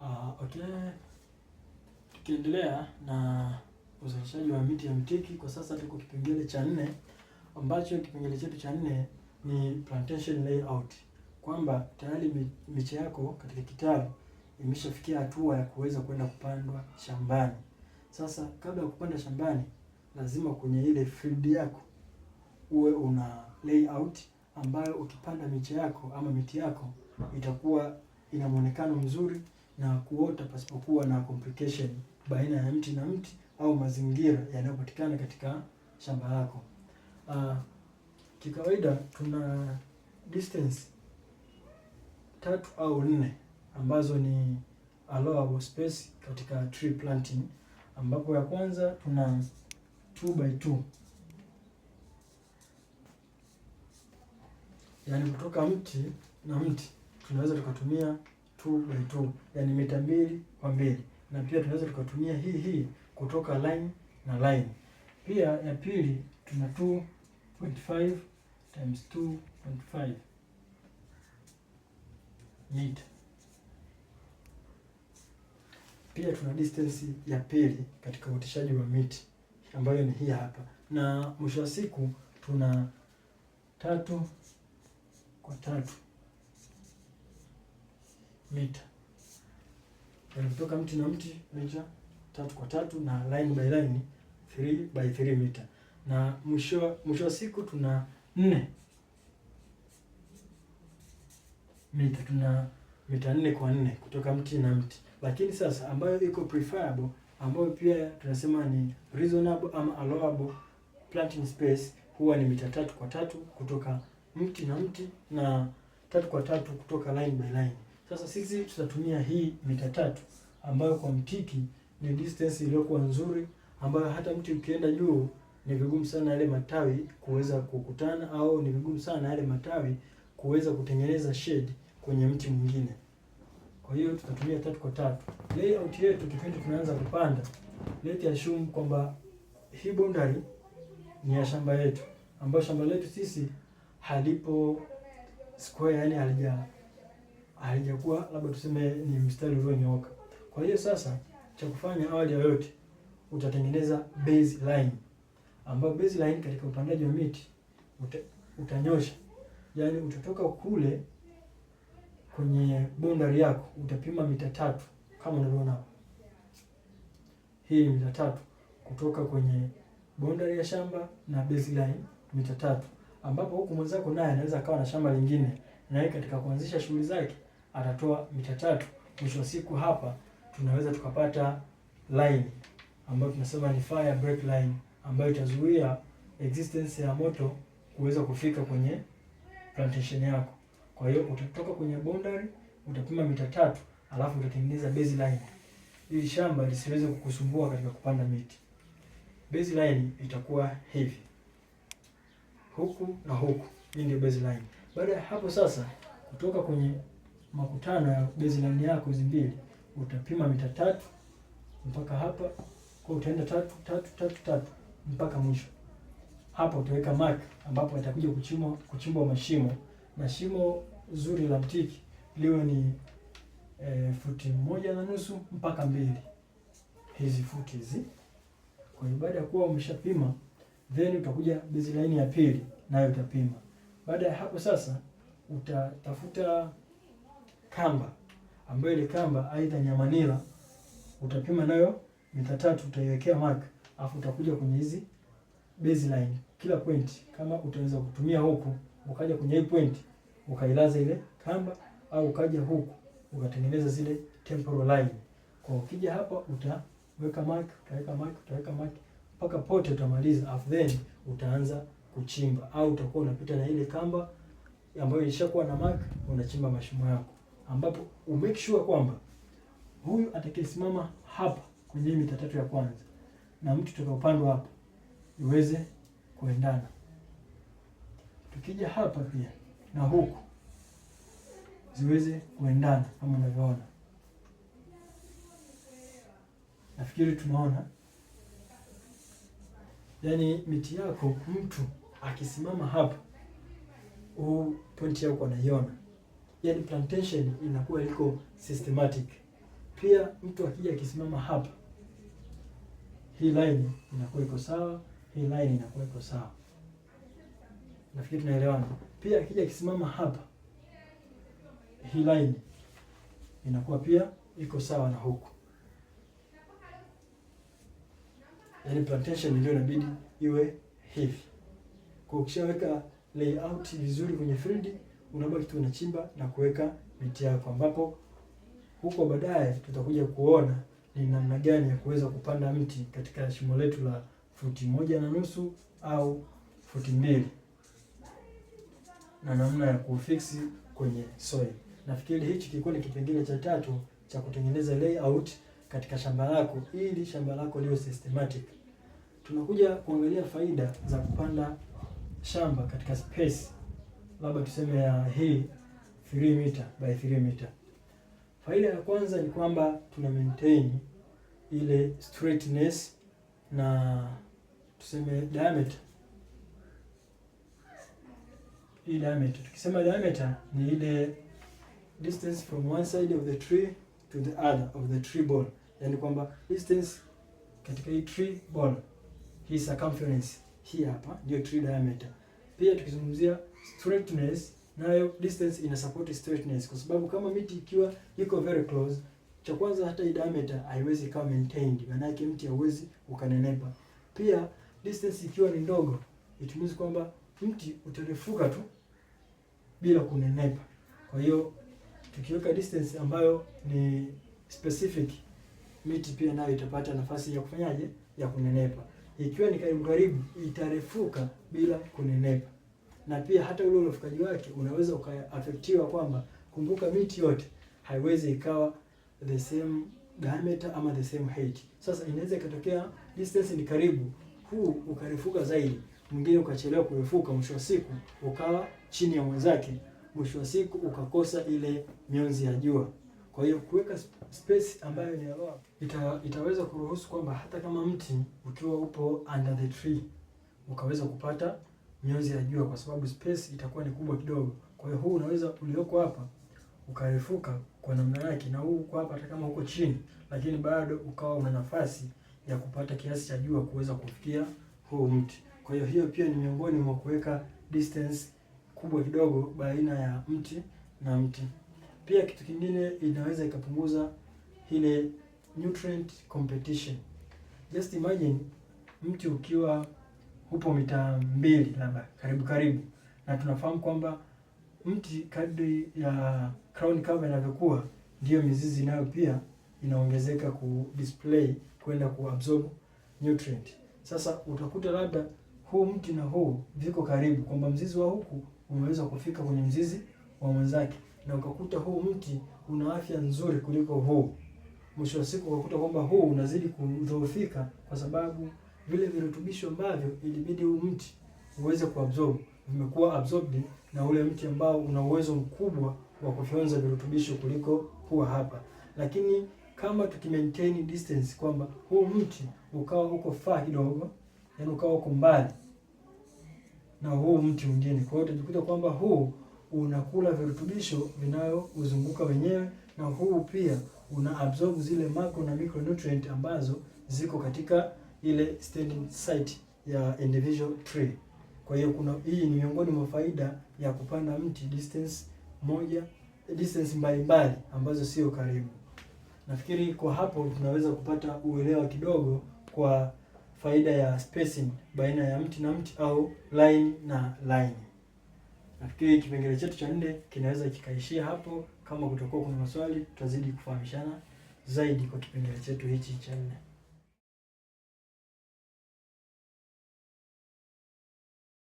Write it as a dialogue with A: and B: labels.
A: Uh, okay, tukiendelea na uzalishaji wa miti ya mtiki, kwa sasa tuko kipengele cha nne, ambacho kipengele chetu cha nne ni plantation layout, kwamba tayari miche yako katika kitalu imeshafikia hatua ya kuweza kwenda kupandwa shambani. Sasa kabla ya kupanda shambani, lazima kwenye ile field yako uwe una layout ambayo ukipanda miche yako ama miti yako itakuwa ina muonekano mzuri na kuota pasipokuwa na complication baina ya mti na mti au mazingira yanayopatikana katika shamba lako. Uh, kikawaida tuna distance tatu au nne ambazo ni allowable space katika tree planting, ambapo ya kwanza tuna 2 by 2 yaani kutoka mti na mti tunaweza tukatumia by eh, yani mita mbili kwa mbili, na pia tunaweza tukatumia hii hii kutoka line na line. Pia ya pili tuna 2.5 times 2.5 mita. Pia tuna distance ya pili katika uoteshaji wa miti ambayo ni hii hapa, na mwisho wa siku tuna tatu kwa tatu mita yani kutoka mti na mti mita tatu kwa tatu na line by line 3 by 3 mita, na mwisho mwisho wa siku tuna nne mita, tuna mita nne kwa nne kutoka mti na mti. Lakini sasa ambayo iko preferable, ambayo pia tunasema ni reasonable ama allowable planting space huwa ni mita tatu kwa tatu kutoka mti na mti na tatu kwa tatu kutoka line by line. Sasa sisi tutatumia hii mita tatu ambayo kwa mtiki ni distance iliyokuwa nzuri, ambayo hata mti ukienda juu ni vigumu sana yale matawi kuweza kukutana, au ni vigumu sana yale matawi kuweza kutengeneza shade kwenye mti mwingine. Kwa hiyo tutatumia tatu kwa tatu. Layout yetu kipindi tunaanza kupanda, let assume kwamba hii boundary ni ya shamba letu, ambayo shamba letu sisi halipo square, yani halija haijakuwa labda tuseme ni mstari ulionyooka. Kwa hiyo sasa cha kufanya awali ya yote utatengeneza baseline, ambapo baseline katika upandaji wa miti uta, utanyosha yaani utatoka kule kwenye boundary yako utapima mita tatu kama unavyoona hapo. Hii mita tatu kutoka kwenye boundary ya shamba na baseline mita tatu, ambapo huku mwenzako naye anaweza akawa na shamba lingine na yeye katika kuanzisha shughuli zake atatoa mita tatu. Mwisho wa siku hapa tunaweza tukapata line ambayo tunasema ni fire break line ambayo itazuia existence ya moto kuweza kufika kwenye plantation yako. Kwa hiyo utatoka kwenye boundary, utapima mita tatu, alafu utatengeneza baseline ili shamba lisiweze kukusumbua katika kupanda miti. Baseline itakuwa hivi huku na huku, hii ndio baseline. Baada ya hapo sasa kutoka kwenye makutano ya baseline yako hizi mbili, utapima mita tatu mpaka hapa, kwa utaenda tatu tatu tatu tatu mpaka mwisho. Hapo utaweka mark ambapo atakuja kuchimbwa kuchimba mashimo, na shimo zuri la mtiki liwe ni e, futi moja na nusu mpaka mbili, hizi futi hizi. Kwa hiyo baada ya kuwa umeshapima, then utakuja baseline ya pili, nayo utapima. Baada ya hapo sasa utatafuta kamba ambayo ile kamba aidha nyamanila utapima nayo mita tatu, utaiwekea mark, afu utakuja kwenye hizi baseline kila point, kama utaweza kutumia huku ukaja kwenye hii point ukailaza ile kamba, au ukaja huku ukatengeneza zile temporal line. Kwa ukija hapa utaweka mark, utaweka mark, utaweka mark mpaka pote utamaliza, afu then utaanza kuchimba, au utakuwa unapita na ile kamba ambayo ilishakuwa na mark, unachimba mashimo yako ambapo umake sure kwamba huyu atakayesimama hapa kwenye mita tatu ya kwanza na mtu upande hapa iweze kuendana. Tukija hapa pia na huku ziweze kuendana kama unavyoona. Nafikiri tunaona, yaani miti yako mtu akisimama hapa, huu pointi yako anaiona yani plantation inakuwa iko systematic. Pia mtu akija akisimama hapa, hii line inakuwa iko sawa, hii line inakuwa iko sawa. Nafikiri tunaelewana. Pia akija akisimama hapa, hii line inakuwa pia iko sawa na huku. yani plantation ndio inabidi iwe hivi. Kwa ukishaweka layout vizuri kwenye field unabaki tu unachimba na kuweka miti yako, ambapo huko baadaye tutakuja kuona ni namna gani ya kuweza kupanda mti katika shimo letu la futi moja na nusu au futi mbili na namna ya kufixi kwenye soil. Nafikiri hichi kilikuwa ni kipengele cha tatu cha kutengeneza layout katika shamba lako ili shamba lako liwe systematic. Tunakuja kuangalia faida za kupanda shamba katika space labda tuseme ya hii 3 meter by 3 meter. Faida ya kwanza ni kwamba tuna maintain ile straightness na tuseme diameter. Hii diameter, tukisema diameter ni ile distance from one side of the tree to the other of the tree ball, yaani kwamba distance katika hii tree ball, hii circumference hii hapa ndio tree diameter. Pia tukizungumzia straightness nayo distance ina support straightness, kwa sababu kama miti ikiwa iko very close, cha kwanza hata i diameter haiwezi ikawa maintained, maana yake mti hauwezi ukanenepa. Pia distance ikiwa ni ndogo, it means kwamba mti utarefuka tu bila kunenepa. Kwa hiyo tukiweka distance ambayo ni specific, miti pia nayo itapata nafasi ya kufanyaje, ya kunenepa. Ikiwa ni karibu karibu, itarefuka bila kunenepa na pia hata ule unafukaji wake unaweza ukaafektiwa, kwamba kumbuka, miti yote haiwezi ikawa the same diameter ama the same height. Sasa inaweza ikatokea distance ni karibu, huu ukarefuka zaidi, mwingine ukachelewa kurefuka, mwisho wa siku ukawa chini ya mwenzake, mwisho wa siku ukakosa ile mionzi ya jua. Kwa hiyo kuweka space ambayo ni allow ita, itaweza kuruhusu kwamba hata kama mti ukiwa upo under the tree ukaweza kupata mionzi ya jua, kwa sababu space itakuwa ni kubwa kidogo. Kwa hiyo huu unaweza ulioko hapa ukarefuka kwa namna yake, na huu uko hapa, hata kama uko chini, lakini bado ukawa una nafasi ya kupata kiasi cha jua kuweza kufikia huu mti. Kwa hiyo hiyo pia ni miongoni mwa kuweka distance kubwa kidogo baina ya mti na mti. Pia kitu kingine inaweza ikapunguza ile nutrient competition. Just imagine mti ukiwa upo mita mbili labda karibu karibu, na tunafahamu kwamba mti kadri ya crown cover inavyokuwa ndiyo mizizi nayo pia inaongezeka ku display kwenda absorb nutrient. Sasa utakuta labda huu mti na huu viko karibu, kwamba mzizi wa huku umeweza kufika kwenye mzizi wa mwenzake, na ukakuta huu mti una afya nzuri kuliko huu. Mwisho wa siku ukakuta kwamba huu unazidi kudhoofika kwa sababu vile virutubisho ambavyo ilibidi huu mti uweze kuabsorb vimekuwa absorbed na ule mti ambao una uwezo mkubwa wa kufyonza virutubisho kuliko huwa hapa. Lakini kama tuki maintain distance kwamba huu mti ukawa huko far kidogo, yani ukawa huko mbali na huu mti mwingine, kwa hiyo utajikuta kwamba huu unakula virutubisho vinayouzunguka wenyewe, na huu pia una absorb zile macro na micronutrient ambazo ziko katika ile standing site ya individual tree. Kwa hiyo kuna hii ni miongoni mwa faida ya kupanda mti distance moja distance mbalimbali ambazo sio karibu. Nafikiri kwa hapo tunaweza kupata uelewa kidogo kwa faida ya spacing baina ya mti na mti au line na line. Nafikiri kipengele chetu cha nne kinaweza kikaishia hapo. Kama kutakuwa kuna maswali, tutazidi kufahamishana zaidi kwa kipengele chetu hichi cha nne.